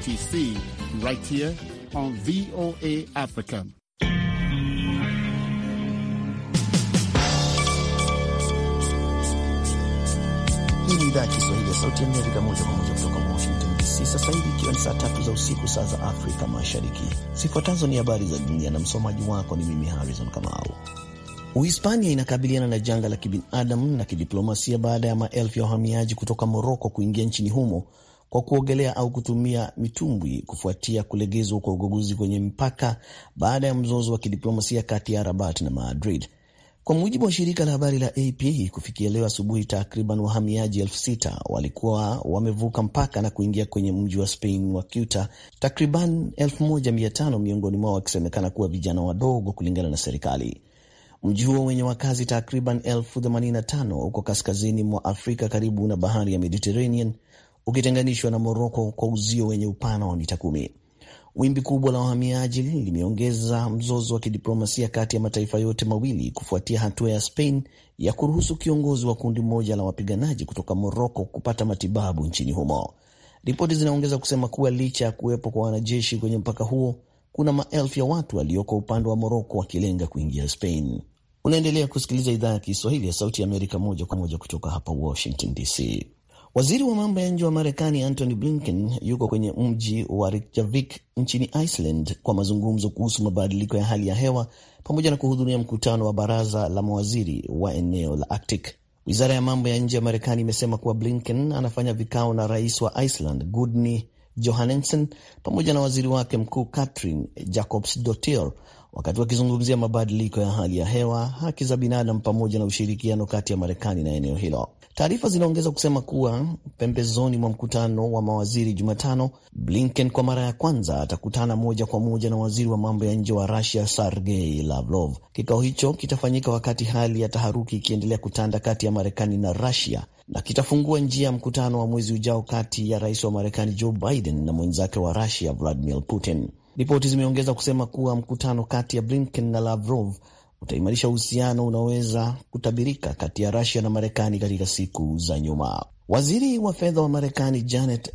FTC right here on VOA Africa. Hii ni idhaa ya Kiswahili ya Sauti ya Amerika moja kwa moja kutoka Washington DC, sasa hivi ikiwa ni saa tatu za usiku, saa za Afrika Mashariki. Zifuatazo ni habari za dunia na msomaji wako ni mimi Harrison Kamau. Uhispania inakabiliana na janga la kibinadamu na kidiplomasia baada ya maelfu ya wahamiaji kutoka Moroko kuingia nchini humo kwa kuogelea au kutumia mitumbwi kufuatia kulegezwa kwa ugoguzi kwenye mpaka baada ya mzozo wa kidiplomasia kati ya Rabat na Madrid. Kwa mujibu wa shirika la habari la AP, kufikia leo asubuhi, takriban wahamiaji elfu sita walikuwa wamevuka mpaka na kuingia kwenye mji wa Spain wa Ceuta, takriban 1500 miongoni mwao wakisemekana kuwa vijana wadogo, kulingana na serikali. Mji huo wenye wakazi takriban elfu 85 uko kaskazini mwa Afrika karibu na bahari ya Mediterranean, ukitenganishwa na Moroko kwa uzio wenye upana wa mita kumi. Wimbi kubwa la wahamiaji limeongeza mzozo wa kidiplomasia kati ya mataifa yote mawili kufuatia hatua ya Spain ya kuruhusu kiongozi wa kundi moja la wapiganaji kutoka Moroko kupata matibabu nchini humo. Ripoti zinaongeza kusema kuwa licha ya kuwepo kwa wanajeshi kwenye mpaka huo, kuna maelfu ya watu walioko upande wa Moroko wakilenga kuingia Spain. Unaendelea kusikiliza idhaa ya Kiswahili ya Sauti ya Amerika moja kwa moja kutoka hapa Washington DC. Waziri wa mambo ya nje wa Marekani Antony Blinken yuko kwenye mji wa Reykjavik nchini Iceland kwa mazungumzo kuhusu mabadiliko ya hali ya hewa pamoja na kuhudhuria mkutano wa baraza la mawaziri wa eneo la Arctic. Wizara ya mambo ya nje ya Marekani imesema kuwa Blinken anafanya vikao na rais wa Iceland Gudni johannesen pamoja na waziri wake mkuu Katrin Jacobsdottir wakati wakizungumzia mabadiliko ya hali ya hewa, haki za binadamu, pamoja na ushirikiano kati ya Marekani na eneo hilo. Taarifa zinaongeza kusema kuwa pembezoni mwa mkutano wa mawaziri Jumatano, Blinken kwa mara ya kwanza atakutana moja kwa moja na waziri wa mambo ya nje wa Rusia Sergei Lavrov. Kikao hicho kitafanyika wakati hali ya taharuki ikiendelea kutanda kati ya Marekani na Rusia na kitafungua njia ya mkutano wa mwezi ujao kati ya rais wa Marekani Joe Biden na mwenzake wa Rusia Vladimir Putin. Ripoti zimeongeza kusema kuwa mkutano kati ya Blinken na Lavrov utaimarisha uhusiano unaoweza kutabirika kati ya Rusia na Marekani katika siku za nyuma. Waziri wa fedha wa Marekani Janet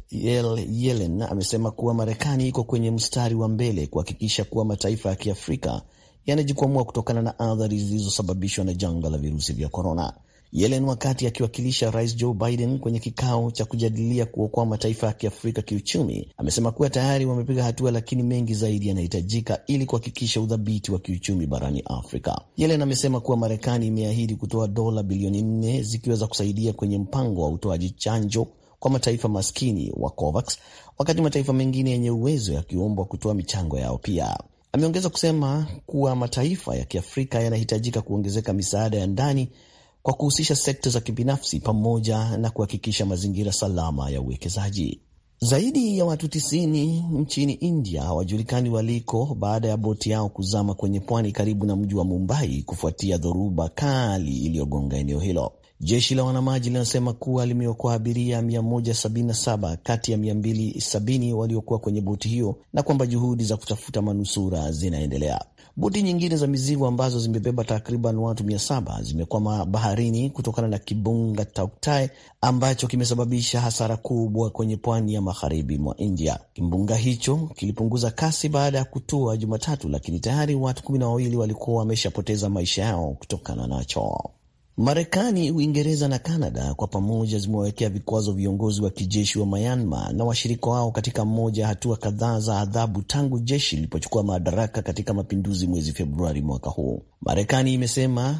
Yellen amesema kuwa Marekani iko kwenye mstari wa mbele kuhakikisha kuwa mataifa ya Kiafrika yanajikwamua kutokana na athari zilizosababishwa na janga la virusi vya korona. Yellen wakati akiwakilisha Rais Joe Biden kwenye kikao cha kujadilia kuokoa mataifa ya Kiafrika kiuchumi, amesema kuwa tayari wamepiga hatua, lakini mengi zaidi yanahitajika ili kuhakikisha udhabiti wa kiuchumi barani Afrika. Yellen amesema kuwa Marekani imeahidi kutoa dola bilioni nne zikiwa za kusaidia kwenye mpango wa utoaji chanjo kwa mataifa maskini wa COVAX, wakati mataifa mengine yenye uwezo yakiombwa kutoa michango yao pia. Ameongeza kusema kuwa mataifa ya Kiafrika yanahitajika kuongezeka misaada ya ndani kwa kuhusisha sekta za kibinafsi pamoja na kuhakikisha mazingira salama ya uwekezaji. Zaidi ya watu tisini nchini India hawajulikani waliko baada ya boti yao kuzama kwenye pwani karibu na mji wa Mumbai kufuatia dhoruba kali iliyogonga eneo hilo. Jeshi la wanamaji linasema kuwa limeokoa abiria 177 kati ya 270 waliokuwa kwenye boti hiyo na kwamba juhudi za kutafuta manusura zinaendelea. Boti nyingine za mizigo ambazo zimebeba takriban watu mia saba zimekwama baharini kutokana na kibunga Tauktae ambacho kimesababisha hasara kubwa kwenye pwani ya magharibi mwa India. Kimbunga hicho kilipunguza kasi baada ya kutua Jumatatu, lakini tayari watu kumi na wawili walikuwa wameshapoteza maisha yao kutokana nacho. Marekani, Uingereza na Kanada kwa pamoja zimewawekea vikwazo viongozi wa kijeshi wa Myanmar na washirika wao katika mmoja ya hatua kadhaa za adhabu tangu jeshi lilipochukua madaraka katika mapinduzi mwezi Februari mwaka huu. Marekani imesema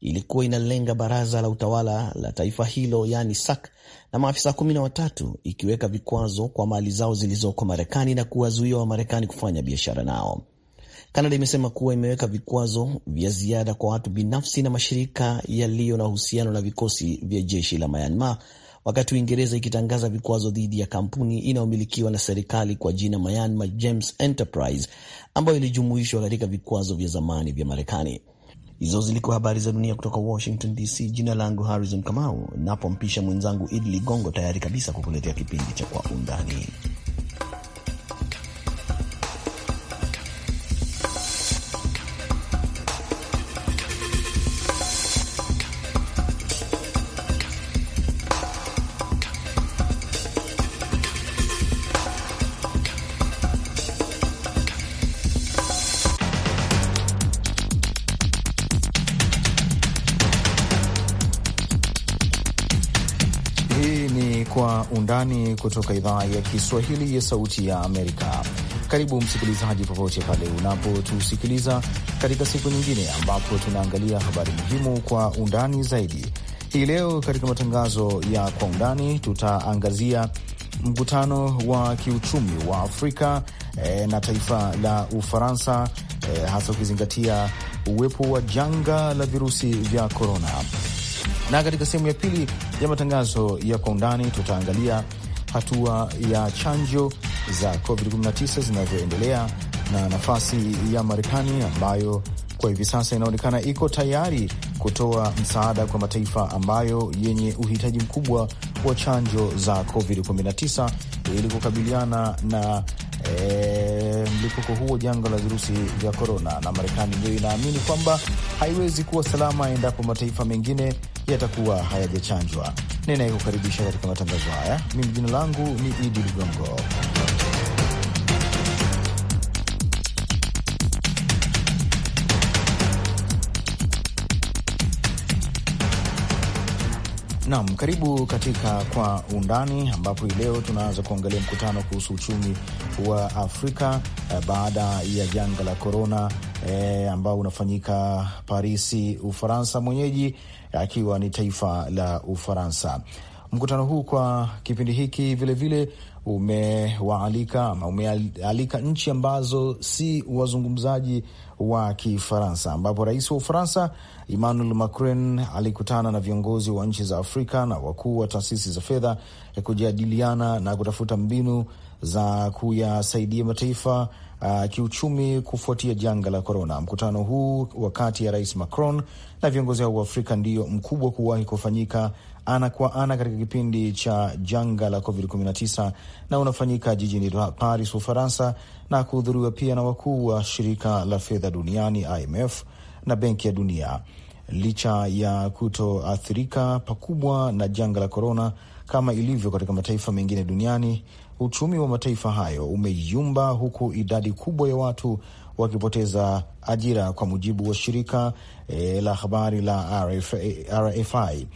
ilikuwa inalenga baraza la utawala la taifa hilo yani SAK na maafisa kumi na watatu ikiweka vikwazo kwa mali zao zilizoko Marekani na kuwazuia Wamarekani kufanya biashara nao. Kanada imesema kuwa imeweka vikwazo vya ziada kwa watu binafsi na mashirika yaliyo na uhusiano na vikosi vya jeshi la Myanmar, wakati Uingereza ikitangaza vikwazo dhidi ya kampuni inayomilikiwa na serikali kwa jina Myanmar James Enterprise ambayo ilijumuishwa katika vikwazo vya zamani vya Marekani. Hizo zilikuwa habari za dunia kutoka Washington DC. Jina langu Harrison Kamau, napompisha mwenzangu Idli Ligongo tayari kabisa kukuletea kipindi cha Kwa Undani. kutoka idhaa ya Kiswahili ya Sauti ya Amerika. Karibu msikilizaji, popote pale unapotusikiliza katika siku nyingine ambapo tunaangalia habari muhimu kwa undani zaidi. Hii leo katika matangazo ya kwa undani tutaangazia mkutano wa kiuchumi wa Afrika e, na taifa la Ufaransa e, hasa ukizingatia uwepo wa janga la virusi vya korona. Na katika sehemu ya pili ya matangazo ya kwa undani tutaangalia hatua ya chanjo za COVID-19 zinavyoendelea na nafasi ya Marekani ambayo kwa hivi sasa inaonekana iko tayari kutoa msaada kwa mataifa ambayo yenye uhitaji mkubwa wa chanjo za COVID-19 ili kukabiliana na eh, mlipuko huo janga la virusi vya korona, na Marekani ndiyo inaamini kwamba haiwezi kuwa salama endapo mataifa mengine yatakuwa hayajachanjwa. Ninayekukaribisha katika matangazo haya mimi, jina langu ni Idi Ligongo. Nam, karibu katika Kwa Undani, ambapo hii leo tunaanza kuangalia mkutano kuhusu uchumi wa Afrika eh, baada ya janga la korona eh, ambao unafanyika Parisi, Ufaransa, mwenyeji akiwa ni taifa la Ufaransa. Mkutano huu kwa kipindi hiki vilevile umewaalika ama umealika nchi ambazo si wazungumzaji wa Kifaransa, ambapo rais wa Ufaransa Emmanuel Macron alikutana na viongozi wa nchi za Afrika na wakuu wa taasisi za fedha eh, kujadiliana na kutafuta mbinu za kuyasaidia mataifa uh, kiuchumi kufuatia janga la korona. Mkutano huu wa kati ya Rais Macron na viongozi hao wa Afrika ndio mkubwa kuwahi kufanyika ana kwa ana katika kipindi cha janga la COVID-19 na unafanyika jijini Paris, Ufaransa, na kuhudhuriwa pia na wakuu wa shirika la fedha duniani IMF na Benki ya Dunia. Licha ya kutoathirika pakubwa na janga la korona kama ilivyo katika mataifa mengine duniani, uchumi wa mataifa hayo umeyumba huku idadi kubwa ya watu wakipoteza ajira, kwa mujibu wa shirika e, la habari la RFA, RFI.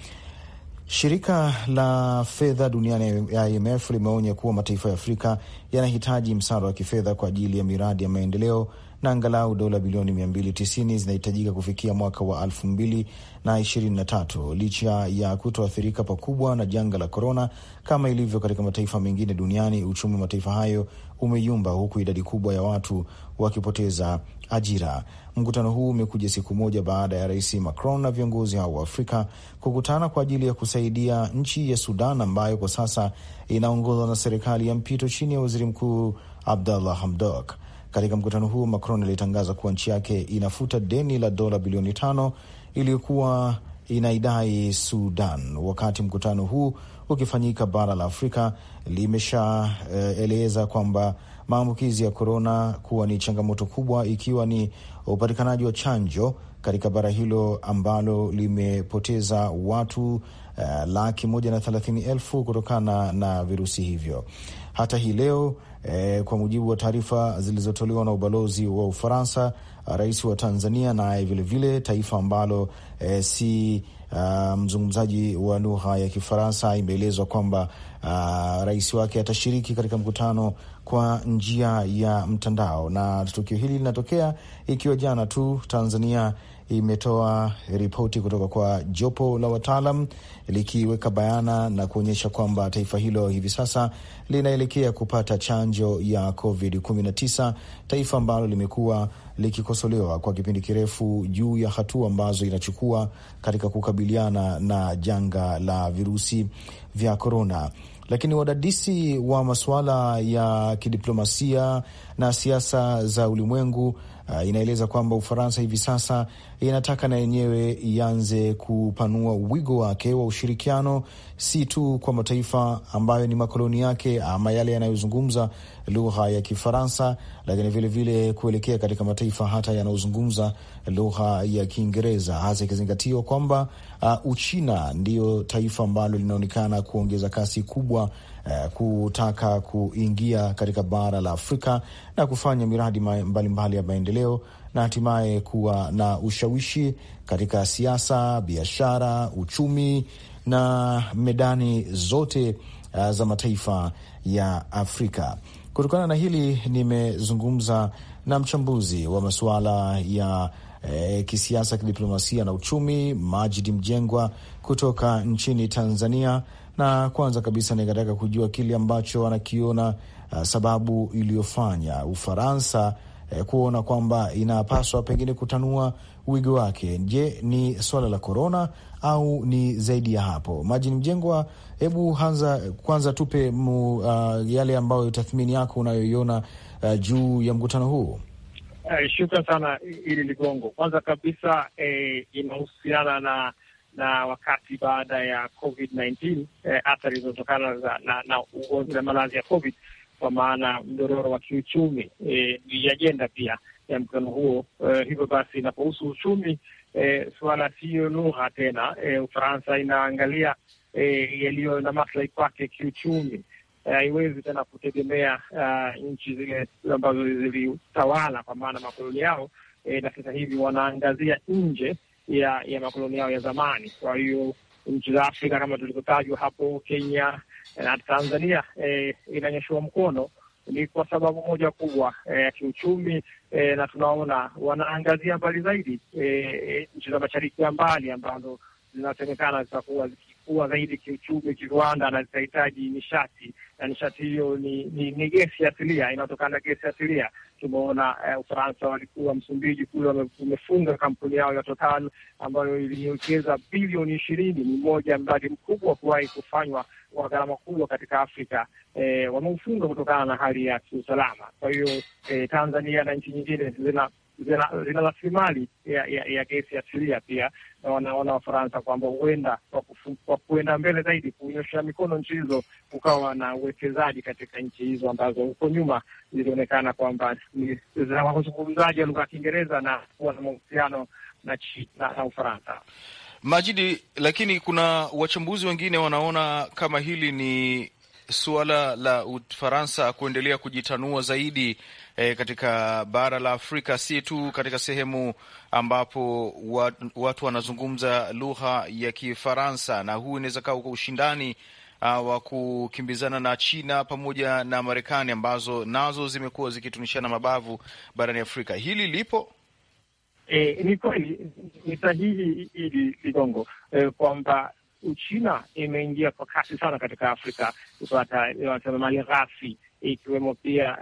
Shirika la fedha duniani IMF limeonya kuwa mataifa ya Afrika yanahitaji msaada wa kifedha kwa ajili ya miradi ya maendeleo na angalau dola bilioni 290 zinahitajika kufikia mwaka wa 2023 licha ya kutoathirika pakubwa na janga la korona kama ilivyo katika mataifa mengine duniani. Uchumi wa mataifa hayo umeyumba huku idadi kubwa ya watu wakipoteza ajira. Mkutano huu umekuja siku moja baada ya Rais Macron na viongozi hao wa Afrika kukutana kwa ajili ya kusaidia nchi ya Sudan ambayo kwa sasa inaongozwa na serikali ya mpito chini ya waziri mkuu Abdallah Hamdok. Katika mkutano huu, Macron alitangaza kuwa nchi yake inafuta deni la dola bilioni tano iliyokuwa inaidai Sudan. Wakati mkutano huu ukifanyika bara la Afrika limeshaeleza e, kwamba maambukizi ya korona kuwa ni changamoto kubwa, ikiwa ni upatikanaji wa chanjo katika bara hilo ambalo limepoteza watu e, laki moja na thelathini elfu kutokana na virusi hivyo. Hata hii leo e, kwa mujibu wa taarifa zilizotolewa na ubalozi wa Ufaransa, rais wa Tanzania naye vilevile, taifa ambalo e, si uh, mzungumzaji wa lugha ya Kifaransa, imeelezwa kwamba uh, rais wake atashiriki katika mkutano kwa njia ya mtandao, na tukio hili linatokea ikiwa jana tu Tanzania imetoa ripoti kutoka kwa jopo la wataalam likiweka bayana na kuonyesha kwamba taifa hilo hivi sasa linaelekea kupata chanjo ya COVID-19, taifa ambalo limekuwa likikosolewa kwa kipindi kirefu juu ya hatua ambazo inachukua katika kukabiliana na janga la virusi vya korona. Lakini wadadisi wa masuala ya kidiplomasia na siasa za ulimwengu uh, inaeleza kwamba Ufaransa hivi sasa inataka na yenyewe ianze kupanua wigo wake wa ushirikiano, si tu kwa mataifa ambayo ni makoloni yake ama yale yanayozungumza lugha ya Kifaransa, lakini vilevile kuelekea katika mataifa hata yanayozungumza lugha ya Kiingereza, hasa ikizingatiwa kwamba uh, Uchina ndiyo taifa ambalo linaonekana kuongeza kasi kubwa Eh, kutaka kuingia katika bara la Afrika na kufanya miradi mbalimbali mbali ya maendeleo na hatimaye kuwa na ushawishi katika siasa, biashara, uchumi na medani zote uh, za mataifa ya Afrika. Kutokana na hili nimezungumza na mchambuzi wa masuala ya e, kisiasa, kidiplomasia na uchumi, Majid Mjengwa kutoka nchini Tanzania. Na kwanza kabisa nikataka kujua kile ambacho anakiona uh, sababu iliyofanya Ufaransa uh, kuona kwamba inapaswa pengine kutanua wigo wake. Je, ni swala la korona au ni zaidi ya hapo? Majini Mjengwa, hebu hanza kwanza tupe mu, uh, yale ambayo tathmini yako unayoiona uh, juu ya mkutano huu. Uh, shukran sana ili Ligongo. Kwanza kabisa eh, inahusiana na na wakati baada ya covid 19 eh, athari zinazotokana na, na ugonjwa na maradhi ya covid, kwa maana mdororo wa kiuchumi eh, ni ajenda pia ya mkutano huo eh, hivyo basi inapohusu uchumi eh, suala siyo lugha tena eh, Ufaransa inaangalia eh, yaliyo na maslahi kwake kiuchumi Eh, haiwezi tena kutegemea uh, nchi zile ambazo zilitawala kwa maana makoloni yao e, na sasa hivi wanaangazia nje ya ya makoloni yao ya zamani. Kwa hiyo nchi za Afrika kama tulivyotajwa hapo, Kenya na Tanzania e, inanyoshewa mkono ni kwa sababu moja kubwa ya e, kiuchumi e, na tunaona wanaangazia mbali zaidi e, nchi za mashariki ya mbali ambazo zinasemekana zitakuwa kukua zaidi kiuchumi, kiviwanda, na zitahitaji nishati, na nishati hiyo ni, ni, ni gesi asilia, inayotokana na gesi asilia. Tumeona eh, Ufaransa walikuwa Msumbiji kule wamefunga kampuni yao ya Total ambayo iliwekeza bilioni ishirini. Ni mmoja mradi mkubwa wa kuwahi kufanywa wa gharama kubwa katika Afrika Eh, wameufunga kutokana na hali ya kiusalama. Kwa hiyo eh, Tanzania na nchi nyingine zina zina rasilimali ya, ya, ya gesi asilia pia, na wanaona Wafaransa kwamba huenda kwa kuenda mbele zaidi kunyosha mikono nchi hizo kukawa na uwekezaji katika nchi hizo ambazo huko nyuma zilionekana kwamba ni za wazungumzaji wa lugha ya Kiingereza na kuwa na mahusiano na, na, na Ufaransa. Majidi, lakini kuna wachambuzi wengine wanaona kama hili ni suala la Ufaransa kuendelea kujitanua zaidi e, katika bara la Afrika, si tu katika sehemu ambapo watu wanazungumza lugha ya Kifaransa, na huu inaweza kawa kwa ushindani ah, wa kukimbizana na China pamoja na Marekani ambazo nazo zimekuwa zikitunishana mabavu barani Afrika. Hili lipo e, ni kweli, ni sahihi hili Ligongo, e, eh, kwamba Uchina imeingia kwa kasi sana katika Afrika kupata rasilimali eh, ghafi ikiwemo pia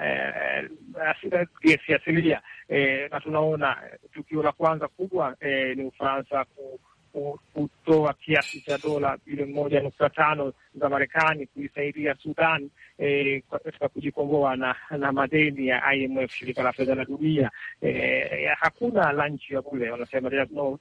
gesi eh, eh, asilia, na tunaona tukio la kwanza kubwa ni Ufaransa kutoa kiasi cha dola bilioni moja nukta tano za Marekani kuisaidia Sudan e, katika katika kujikomboa na, na madeni ya IMF, shirika la fedha la dunia. E, ya, hakuna lunch ya bule wanasema no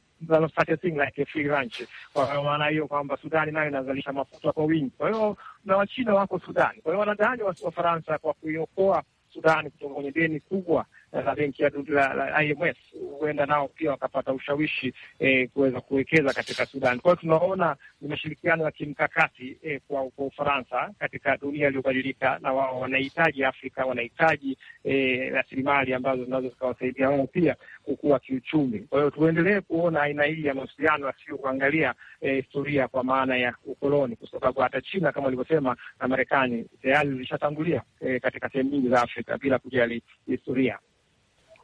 such a thing like a free lunch. Kwa maana hiyo kwamba Sudani nayo inazalisha mafuta kwa wingi, kwa hiyo na Wachina wako Sudani, kwa hiyo wanadani Wafaransa kwa kuiokoa Sudani kutoka kwenye deni kubwa la eh, benki ya la, la IMF huenda nao pia wakapata ushawishi eh, kuweza kuwekeza katika Sudan. Kwa hiyo tunaona ni mashirikiano ya kimkakati eh, kwa kwa Ufaransa katika dunia iliyobadilika, na wao wanahitaji Afrika, wanahitaji eh, rasilimali eh, ambazo zinaweza zikawasaidia wao pia kukua kiuchumi. Kwa hiyo tuendelee kuona aina hii ya mahusiano asio kuangalia eh, historia kwa maana ya ukoloni, kwa sababu hata China kama ulivyosema na Marekani tayari zilishatangulia eh, katika sehemu nyingi za Afrika bila kujali historia.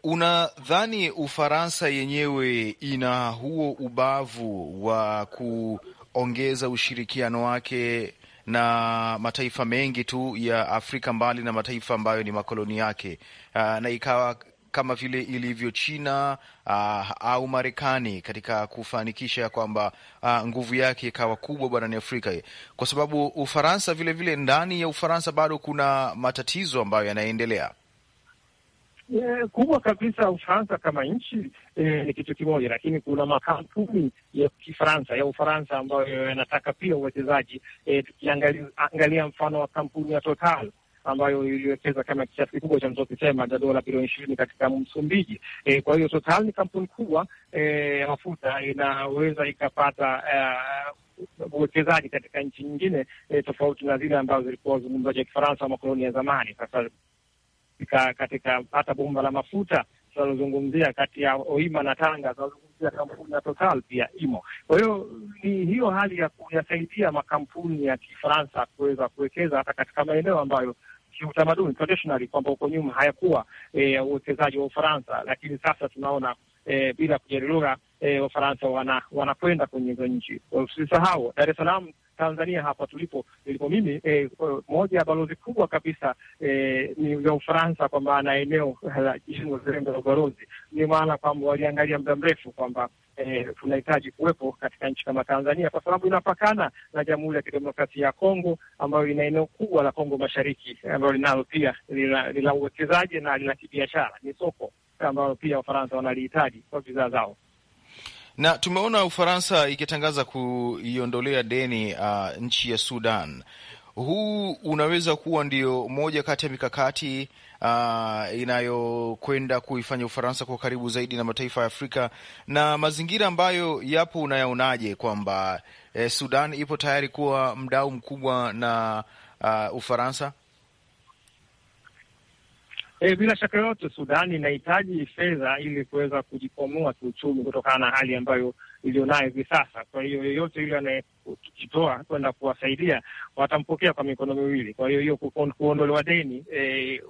Unadhani Ufaransa yenyewe ina huo ubavu wa kuongeza ushirikiano wake na mataifa mengi tu ya Afrika mbali na mataifa ambayo ni makoloni yake, uh, na ikawa kama vile ilivyo China uh, au Marekani katika kufanikisha kwamba ah, nguvu yake ikawa kubwa barani Afrika, kwa sababu Ufaransa vilevile vile, ndani ya Ufaransa bado kuna matatizo ambayo yanaendelea eh, kubwa kabisa. Ufaransa kama nchi eh, ni kitu kimoja, lakini kuna makampuni ya Kifaransa ya Ufaransa ambayo yanataka pia uwekezaji. Eh, tukiangalia mfano wa kampuni ya Total ambayo iliwekeza kama kiasi kikubwa cha mzozi cha dola bilioni ishirini katika Msumbiji. E, kwa hiyo Total ni kampuni kubwa e, ya e, mafuta inaweza ikapata uh, uwekezaji katika nchi nyingine e, tofauti na zile ambazo zilikuwa zungumzaji wa Kifaransa wa makoloni ya zamani. Sasa katika hata bomba la mafuta tunalozungumzia kati ya Oima na Tanga tunalozungumzia kampuni ya Total pia imo. Kwa hiyo ni hiyo hali ya kuyasaidia makampuni ya Kifaransa kuweza kuwekeza hata katika maeneo ambayo kiutamaduni traditionally kwamba huko nyuma hayakuwa e, uwekezaji e, wa Ufaransa, lakini sasa tunaona e, bila kujali lugha e, Wafaransa wanakwenda wana kwenye hizo nchi. Usisahau Dar es Salaam Tanzania hapa tulipo nilipo mimi eh, moja ya balozi kubwa kabisa eh, ni ya Ufaransa kwa maana eneo la jengo la ubalozi, ni maana kwamba waliangalia muda mrefu kwamba eh, tunahitaji kuwepo katika nchi kama Tanzania kwa sababu inapakana na Jamhuri ya Kidemokrasia ya Kongo ambayo ina eneo kubwa la Kongo Mashariki ambayo linalo pia lina uwekezaji na lina kibiashara, ni soko ambalo pia Wafaransa wanalihitaji kwa bidhaa zao na tumeona Ufaransa ikitangaza kuiondolea deni uh, nchi ya Sudan huu unaweza kuwa ndio moja kati ya mikakati uh, inayokwenda kuifanya Ufaransa kwa karibu zaidi na mataifa ya Afrika na mazingira ambayo yapo, unayaonaje kwamba eh, Sudan ipo tayari kuwa mdau mkubwa na uh, Ufaransa? E, bila shaka yote Sudan inahitaji fedha ili kuweza kujikwamua kiuchumi kutokana na hali ambayo iliyonayo hivi sasa. Kwa hiyo yeyote yule kujitoa kwenda kuwasaidia, watampokea kwa mikono miwili. Kwa hiyo hiyo kuondolewa deni e,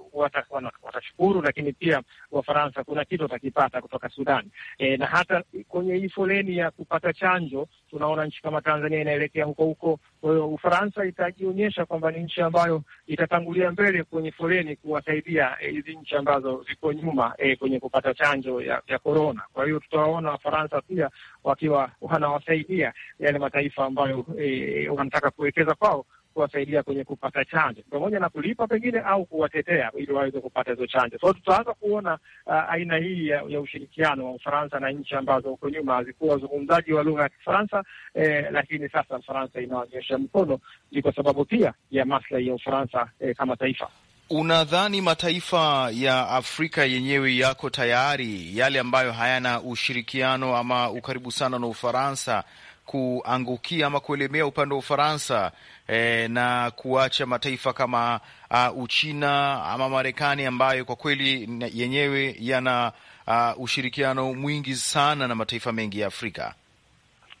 watashukuru, lakini pia Wafaransa kuna kitu watakipata kutoka Sudan e, na hata kwenye hii foleni ya kupata chanjo tunaona nchi kama Tanzania inaelekea huko huko. Kwa hiyo Ufaransa itajionyesha kwamba ni nchi ambayo itatangulia mbele kwenye foleni kuwasaidia e, hizi e, nchi ambazo ziko nyuma e, kwenye kupata chanjo ya, ya korona. Kwa hiyo tutawaona Wafaransa pia wakiwa wanawasaidia yale mataifa ambayo ambayo e, wanataka kuwekeza kwao kuwasaidia kwenye kupata chanjo pamoja na kulipa pengine au kuwatetea ili waweze kupata hizo chanjo. So tutaanza kuona uh, aina hii ya, ya ushirikiano wa Ufaransa na nchi ambazo huko nyuma hazikuwa wazungumzaji wa lugha ya Kifaransa eh, lakini sasa Ufaransa inaonyesha mkono, ni kwa sababu pia ya maslahi ya Ufaransa eh, kama taifa. Unadhani mataifa ya Afrika yenyewe yako tayari, yale ambayo hayana ushirikiano ama ukaribu sana na Ufaransa kuangukia ama kuelemea upande wa Ufaransa e, na kuacha mataifa kama uh, Uchina ama Marekani ambayo kwa kweli yenyewe yana uh, ushirikiano mwingi sana na mataifa mengi ya Afrika.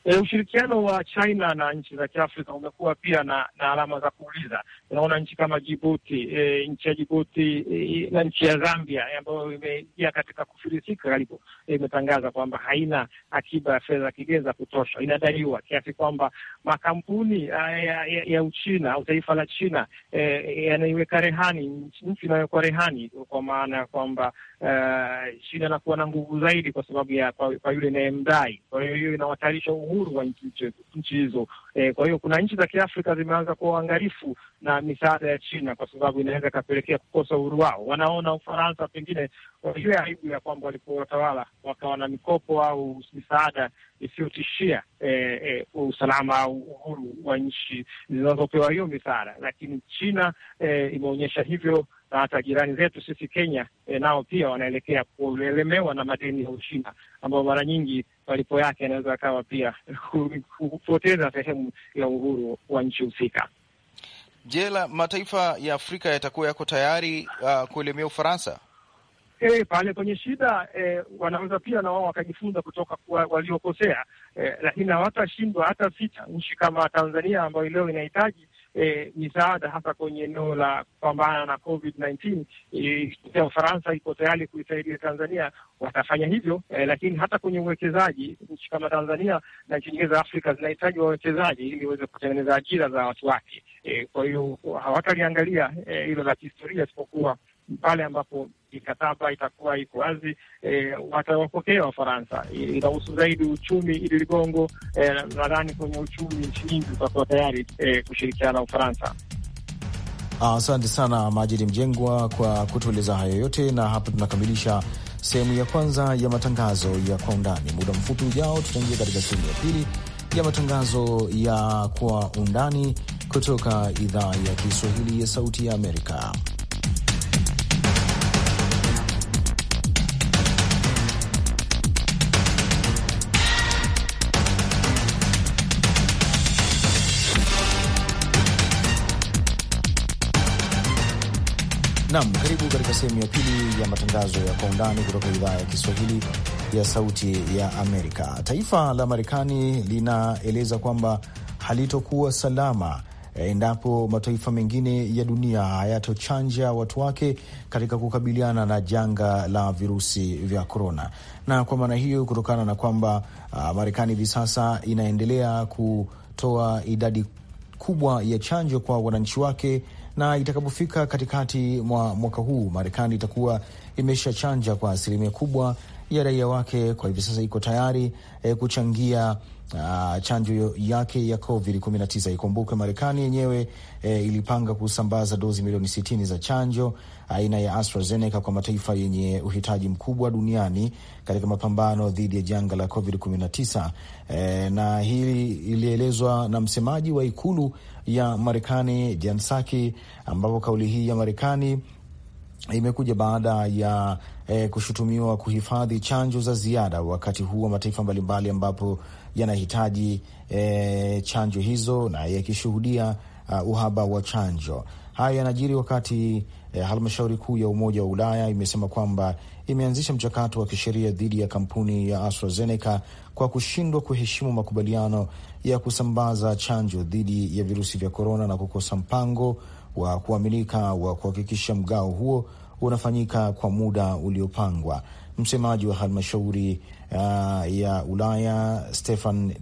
E, ushirikiano wa China na nchi za Kiafrika umekuwa pia na, na alama za kuuliza. Unaona nchi kama Jibuti e, nchi ya Jibuti e, na nchi ya Zambia ambayo imeingia katika kufilisika karibu, e, imetangaza e, kwamba haina akiba ya fedha kigeni za kutosha, inadaiwa kiasi kwamba makampuni e, ya, ya, ya Uchina au taifa la China e, yanaiweka rehani nchi inayowekwa rehani kwa maana ya kwamba uh, shida na kuwa na nguvu zaidi kwa sababu ya kwa, kwa yule inayemdai. Kwa hiyo hiyo inawatayarisha uhuru wa nchi hizo eh. Kwa hiyo kuna nchi za Kiafrika zimeanza kuwa uangalifu na misaada ya China kwa sababu inaweza ikapelekea kukosa uhuru wao. Wanaona Ufaransa pengine ile aibu ya kwamba walikuwa watawala wakawa na mikopo au misaada isiyotishia eh, eh, usalama au uhuru wa nchi zinazopewa hiyo misaada, lakini China eh, imeonyesha hivyo na hata jirani zetu sisi Kenya e, nao pia wanaelekea kuelemewa na madeni ya Uchina ambayo mara nyingi malipo yake yanaweza akawa pia kupoteza sehemu ya uhuru wa nchi husika. Je, la mataifa ya Afrika yatakuwa yako tayari uh, kuelemea Ufaransa? E, pale kwenye shida e, wanaweza pia na wao wakajifunza kutoka waliokosea e, lakini hawatashindwa hata sita. Nchi kama Tanzania ambayo leo inahitaji eh, misaada hasa kwenye eneo la kupambana na Covid 19. Eh, Ufaransa iko tayari kuisaidia Tanzania, watafanya hivyo eh, lakini hata kwenye uwekezaji, nchi kama Tanzania na nchi nyingine za Afrika zinahitaji wawekezaji ili waweze kutengeneza ajira za watu wake. Eh, kwa hiyo hawataliangalia e, hilo eh, la kihistoria isipokuwa pale ambapo mikataba itakuwa iko wazi e, watawapokea Wafaransa. Inahusu zaidi uchumi ili ligongo e, nadhani kwenye uchumi nchi nyingi zitakuwa tayari e, kushirikiana na Ufaransa. Asante ah, sana Majidi Mjengwa kwa kutueleza hayo yote, na hapa tunakamilisha sehemu ya kwanza ya matangazo ya kwa undani. Muda mfupi ujao, tutaingia katika sehemu ya pili ya matangazo ya kwa undani kutoka idhaa ya Kiswahili ya Sauti ya Amerika. Nam, karibu katika sehemu ya pili ya matangazo ya kwa undani kutoka idhaa ya Kiswahili ya Sauti ya Amerika. Taifa la Marekani linaeleza kwamba halitokuwa salama e, endapo mataifa mengine ya dunia hayatochanja watu wake katika kukabiliana na janga la virusi vya korona. Na kwa maana hiyo, kutokana na kwamba uh, Marekani hivi sasa inaendelea kutoa idadi kubwa ya chanjo kwa wananchi wake na itakapofika katikati mwa mwaka huu Marekani itakuwa imeshachanja kwa asilimia kubwa ya raia wake. Kwa hivi sasa iko tayari e, kuchangia chanjo yake ya covid 19. Ikumbukwe Marekani yenyewe e, ilipanga kusambaza dozi milioni 60 za chanjo aina ya AstraZeneca kwa mataifa yenye uhitaji mkubwa duniani katika mapambano dhidi ya janga la covid 19. E, na hili ilielezwa na msemaji wa ikulu ya Marekani Jen Psaki, ambapo kauli hii ya Marekani imekuja baada ya e, kushutumiwa kuhifadhi chanjo za ziada wakati huu wa mataifa mbalimbali ambapo yanahitaji e, chanjo hizo na yakishuhudia uh, uhaba wa chanjo. Haya yanajiri wakati e, halmashauri kuu ya Umoja wa Ulaya imesema kwamba imeanzisha mchakato wa kisheria dhidi ya kampuni ya AstraZeneca kwa kushindwa kuheshimu makubaliano ya kusambaza chanjo dhidi ya virusi vya korona na kukosa mpango wa kuaminika wa kuhakikisha mgao huo unafanyika kwa muda uliopangwa. Msemaji wa halmashauri uh, ya Ulaya Stefan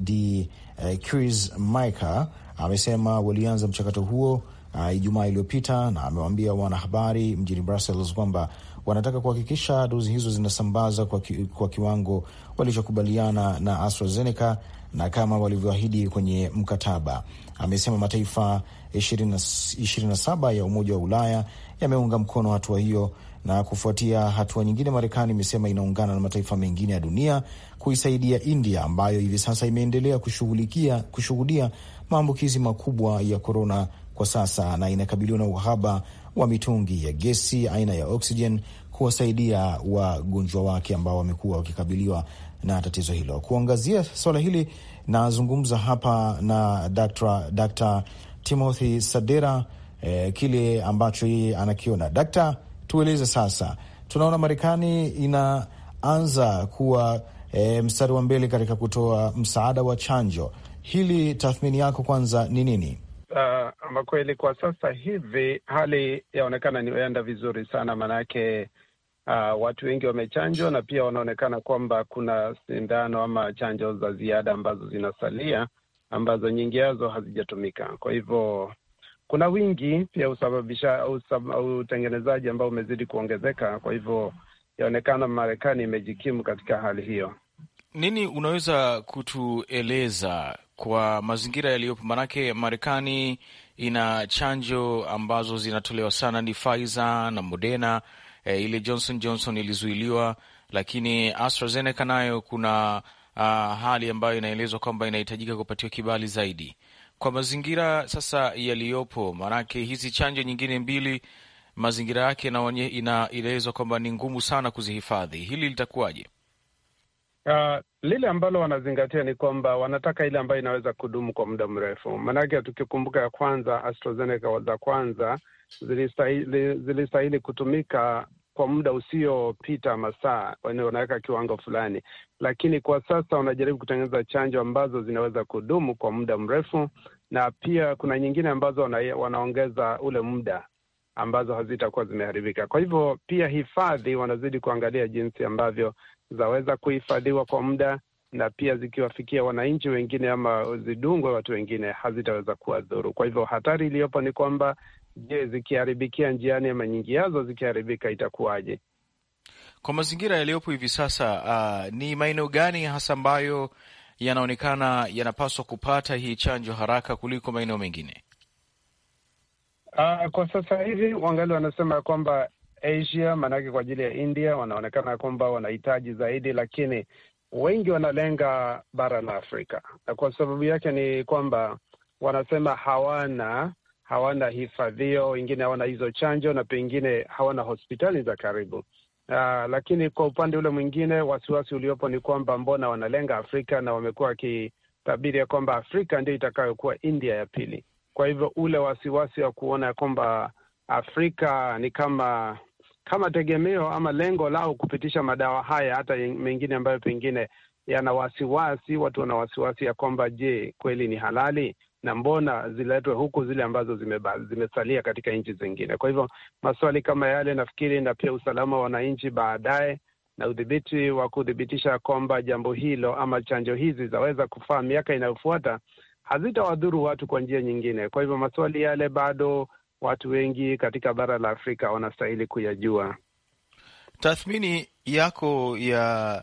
cris uh, Mica amesema walianza mchakato huo uh, Ijumaa iliyopita na amewaambia wanahabari mjini Brussels kwamba wanataka kuhakikisha dozi hizo zinasambaza kwa, ki, kwa kiwango walichokubaliana na AstraZeneca na kama walivyoahidi kwenye mkataba. Amesema mataifa 27 ya Umoja wa Ulaya yameunga mkono hatua hiyo na kufuatia hatua nyingine, Marekani imesema inaungana na mataifa mengine ya dunia kuisaidia India ambayo hivi sasa imeendelea kushughulikia kushuhudia maambukizi makubwa ya korona kwa sasa na inakabiliwa na uhaba wa mitungi ya gesi aina ya oksijen kuwasaidia wagonjwa wake ambao wamekuwa wakikabiliwa na tatizo hilo. Kuangazia swala hili, nazungumza hapa na Dr. Dr. Timothy Sadera, eh, kile ambacho yeye anakiona Dr tueleze sasa, tunaona Marekani inaanza kuwa e, mstari wa mbele katika kutoa msaada wa chanjo. Hili tathmini yako kwanza ni nini? Ah, ama kweli kwa sasa hivi hali yaonekana enda vizuri sana, maanake uh, ah, watu wengi wamechanjwa na pia wanaonekana kwamba kuna sindano ama chanjo za ziada ambazo zinasalia ambazo nyingi yazo hazijatumika. Kwa hivyo kuna wingi pia husababisha utengenezaji ambao umezidi kuongezeka. Kwa hivyo yaonekana Marekani imejikimu katika hali hiyo. Nini unaweza kutueleza kwa mazingira yaliyopo? Maanake Marekani ina chanjo ambazo zinatolewa sana, ni Pfizer na Moderna. E, ile Johnson Johnson ilizuiliwa, lakini AstraZeneca nayo kuna uh, hali ambayo inaelezwa kwamba inahitajika kupatiwa kibali zaidi kwa mazingira sasa yaliyopo, maanake hizi chanjo nyingine mbili mazingira yake inaelezwa kwamba ni ngumu sana kuzihifadhi. Hili litakuwaje? Uh, lile ambalo wanazingatia ni kwamba wanataka ile ambayo inaweza kudumu kwa muda mrefu. Maanake tukikumbuka ya kwanza AstraZeneca za kwanza zilistahili, zilistahili kutumika kwa muda usiopita masaa, wanaweka kiwango fulani lakini kwa sasa wanajaribu kutengeneza chanjo ambazo zinaweza kudumu kwa muda mrefu, na pia kuna nyingine ambazo wana, wanaongeza ule muda ambazo hazitakuwa zimeharibika. Kwa hivyo pia hifadhi wanazidi kuangalia jinsi ambavyo zaweza kuhifadhiwa kwa muda na pia zikiwafikia wananchi wengine ama zidungwe watu wengine hazitaweza kuwa dhuru Kwa hivyo hatari iliyopo ni kwamba, je, zikiharibikia njiani ama nyingi yazo zikiharibika itakuwaje? Kwa mazingira yaliyopo hivi sasa, uh, ni maeneo gani hasa ambayo yanaonekana yanapaswa kupata hii chanjo haraka kuliko maeneo mengine? Uh, kwa sasa hivi wangali wanasema ya kwamba Asia, maanake kwa ajili ya India wanaonekana ya kwamba wanahitaji zaidi, lakini wengi wanalenga bara la Afrika, na kwa sababu yake ni kwamba wanasema hawana hawana hifadhio, wengine hawana hizo chanjo, na pengine hawana hospitali za karibu. Uh, lakini kwa upande ule mwingine wasiwasi uliopo ni kwamba mbona wanalenga Afrika na wamekuwa wakitabiri ya kwamba Afrika ndio itakayokuwa India ya pili. Kwa hivyo ule wasiwasi wa kuona ya kwamba Afrika ni kama kama tegemeo ama lengo lao kupitisha madawa haya, hata mengine ambayo pengine yana wasiwasi, watu wana wasiwasi ya kwamba je, kweli ni halali? na mbona ziletwe huku zile ambazo zimesalia zime katika nchi zingine? Kwa hivyo maswali kama yale nafikiri, na pia usalama wa wananchi baadaye na udhibiti wa kuthibitisha kwamba jambo hilo ama chanjo hizi zaweza kufaa miaka inayofuata hazitawadhuru watu kwa njia nyingine. Kwa hivyo maswali yale bado watu wengi katika bara la Afrika wanastahili kuyajua. Tathmini yako ya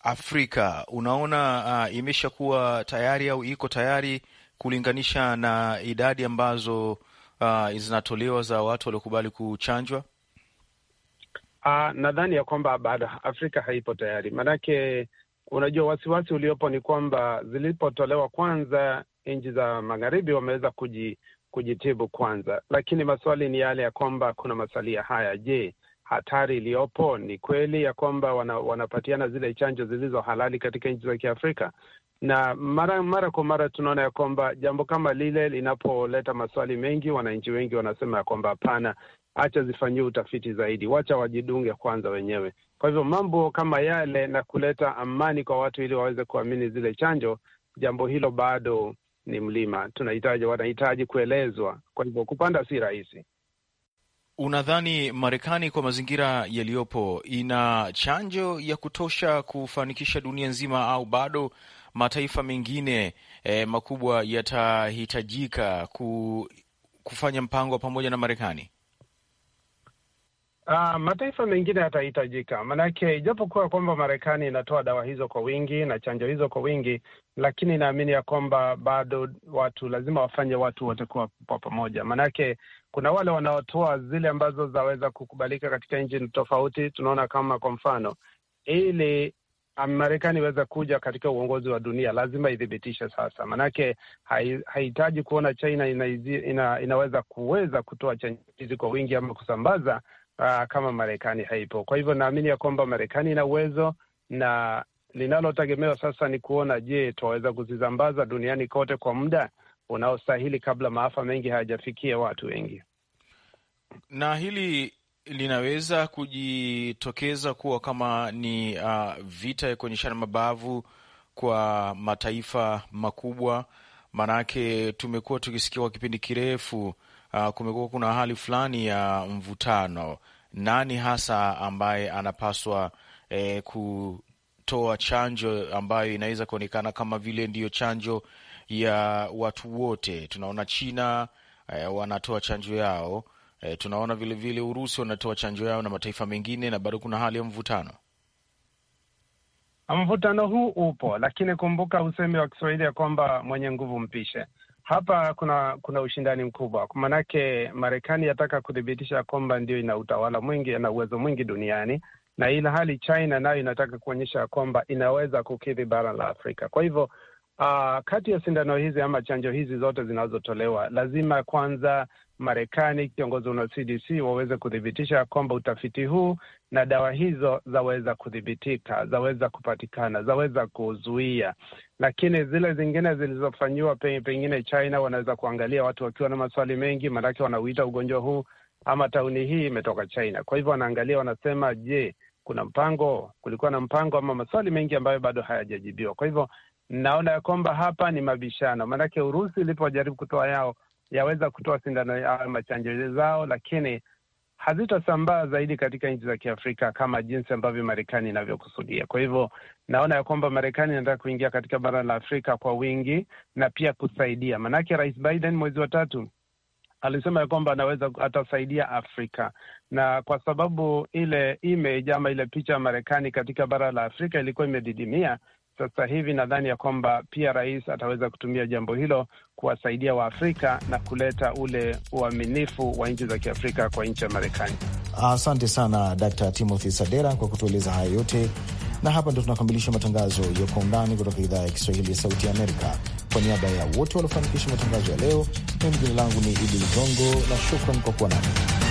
Afrika unaona, uh, imeshakuwa tayari au iko tayari kulinganisha na idadi ambazo uh, zinatolewa za watu waliokubali kuchanjwa? Uh, nadhani ya kwamba bado Afrika haipo tayari, maanake unajua wasiwasi uliopo ni kwamba zilipotolewa kwanza, nchi za magharibi wameweza kuji, kujitibu kwanza, lakini maswali ni yale ya kwamba kuna masalia haya. Je, hatari iliyopo. Ni kweli ya kwamba wana, wanapatiana zile chanjo zilizo halali katika nchi za Kiafrika, na mara mara kwa mara tunaona ya kwamba jambo kama lile linapoleta maswali mengi, wananchi wengi wanasema ya kwamba hapana, hacha zifanyiwe utafiti zaidi, wacha wajidunge kwanza wenyewe. Kwa hivyo mambo kama yale na kuleta amani kwa watu ili waweze kuamini zile chanjo, jambo hilo bado ni mlima, tunahitaji wanahitaji kuelezwa. Kwa hivyo kupanda si rahisi. Unadhani Marekani kwa mazingira yaliyopo ina chanjo ya kutosha kufanikisha dunia nzima au bado mataifa mengine eh, makubwa yatahitajika ku, kufanya mpango pamoja na Marekani? Uh, mataifa mengine yatahitajika, maanake ijapokuwa kwamba Marekani inatoa dawa hizo kwa wingi na chanjo hizo kwa wingi, lakini inaamini ya kwamba bado watu lazima wafanye watu wote kuwa pamoja, maanake kuna wale wanaotoa zile ambazo zaweza kukubalika katika nchi tofauti. Tunaona kama kwa mfano, ili Marekani iweze kuja katika uongozi wa dunia lazima ithibitishe sasa, maanake hahitaji kuona China ina, ina, inaweza kuweza kutoa chanjo hizi kwa wingi ama kusambaza aa, ah, kama Marekani haipo. Kwa hivyo naamini ya kwamba Marekani ina uwezo na linalotegemewa sasa ni kuona, je, tunaweza kuzisambaza duniani kote kwa muda unaostahili kabla maafa mengi hayajafikia watu wengi. Na hili linaweza kujitokeza kuwa kama ni uh, vita ya kuonyeshana mabavu kwa mataifa makubwa, maanake tumekuwa tukisikia kwa kipindi kirefu uh, kumekuwa kuna hali fulani ya mvutano, nani hasa ambaye anapaswa eh, kutoa chanjo ambayo inaweza kuonekana kama vile ndiyo chanjo ya watu wote. Tunaona China eh, wanatoa chanjo yao eh, tunaona vilevile vile Urusi wanatoa chanjo yao na mataifa mengine, na bado kuna hali ya mvutano. Mvutano huu upo, lakini kumbuka usemi wa Kiswahili ya kwamba mwenye nguvu mpishe. Hapa kuna kuna ushindani mkubwa, maanake Marekani yataka kuthibitisha kwamba ndio ina utawala mwingi na uwezo mwingi duniani na ila hali China nayo inataka kuonyesha kwamba inaweza kukidhi bara la Afrika. Kwa hivyo Uh, kati ya sindano hizi ama chanjo hizi zote zinazotolewa lazima kwanza Marekani kiongozi na CDC waweze kuthibitisha kwamba utafiti huu na dawa hizo zaweza kuthibitika, zaweza kupatikana, zaweza kuzuia. Lakini zile zingine zilizofanyiwa pengine China, wanaweza kuangalia watu wakiwa na maswali mengi, maanake wanauita ugonjwa huu ama tauni hii imetoka China. Kwa hivyo wanaangalia, wanasema je, kuna mpango, kulikuwa na mpango ama maswali mengi ambayo bado hayajajibiwa. Kwa hivyo naona ya kwamba hapa ni mabishano, maanake Urusi ilipojaribu kutoa yao yaweza kutoa sindano yao machanjo zao, lakini hazitasambaa zaidi katika nchi za Kiafrika kama jinsi ambavyo Marekani inavyokusudia. Kwa hivyo naona ya kwamba Marekani inataka kuingia katika bara la Afrika kwa wingi na pia kusaidia, maanake Rais Biden mwezi wa tatu alisema ya kwamba anaweza atasaidia Afrika, na kwa sababu ile image ama ile picha ya Marekani katika bara la Afrika ilikuwa imedidimia, sasa hivi nadhani ya kwamba pia rais ataweza kutumia jambo hilo kuwasaidia Waafrika na kuleta ule uaminifu wa nchi za Kiafrika kwa nchi ya Marekani. Asante sana Dkt. Timothy Sadera kwa kutueleza haya yote, na hapa ndo tunakamilisha matangazo ya Kwa Undani kutoka idhaa ya Kiswahili ya Sauti ya Amerika. Kwa niaba ya wote waliofanikisha matangazo ya leo, mimi jina langu ni Idi Ligongo na shukran kwa kuwa nami.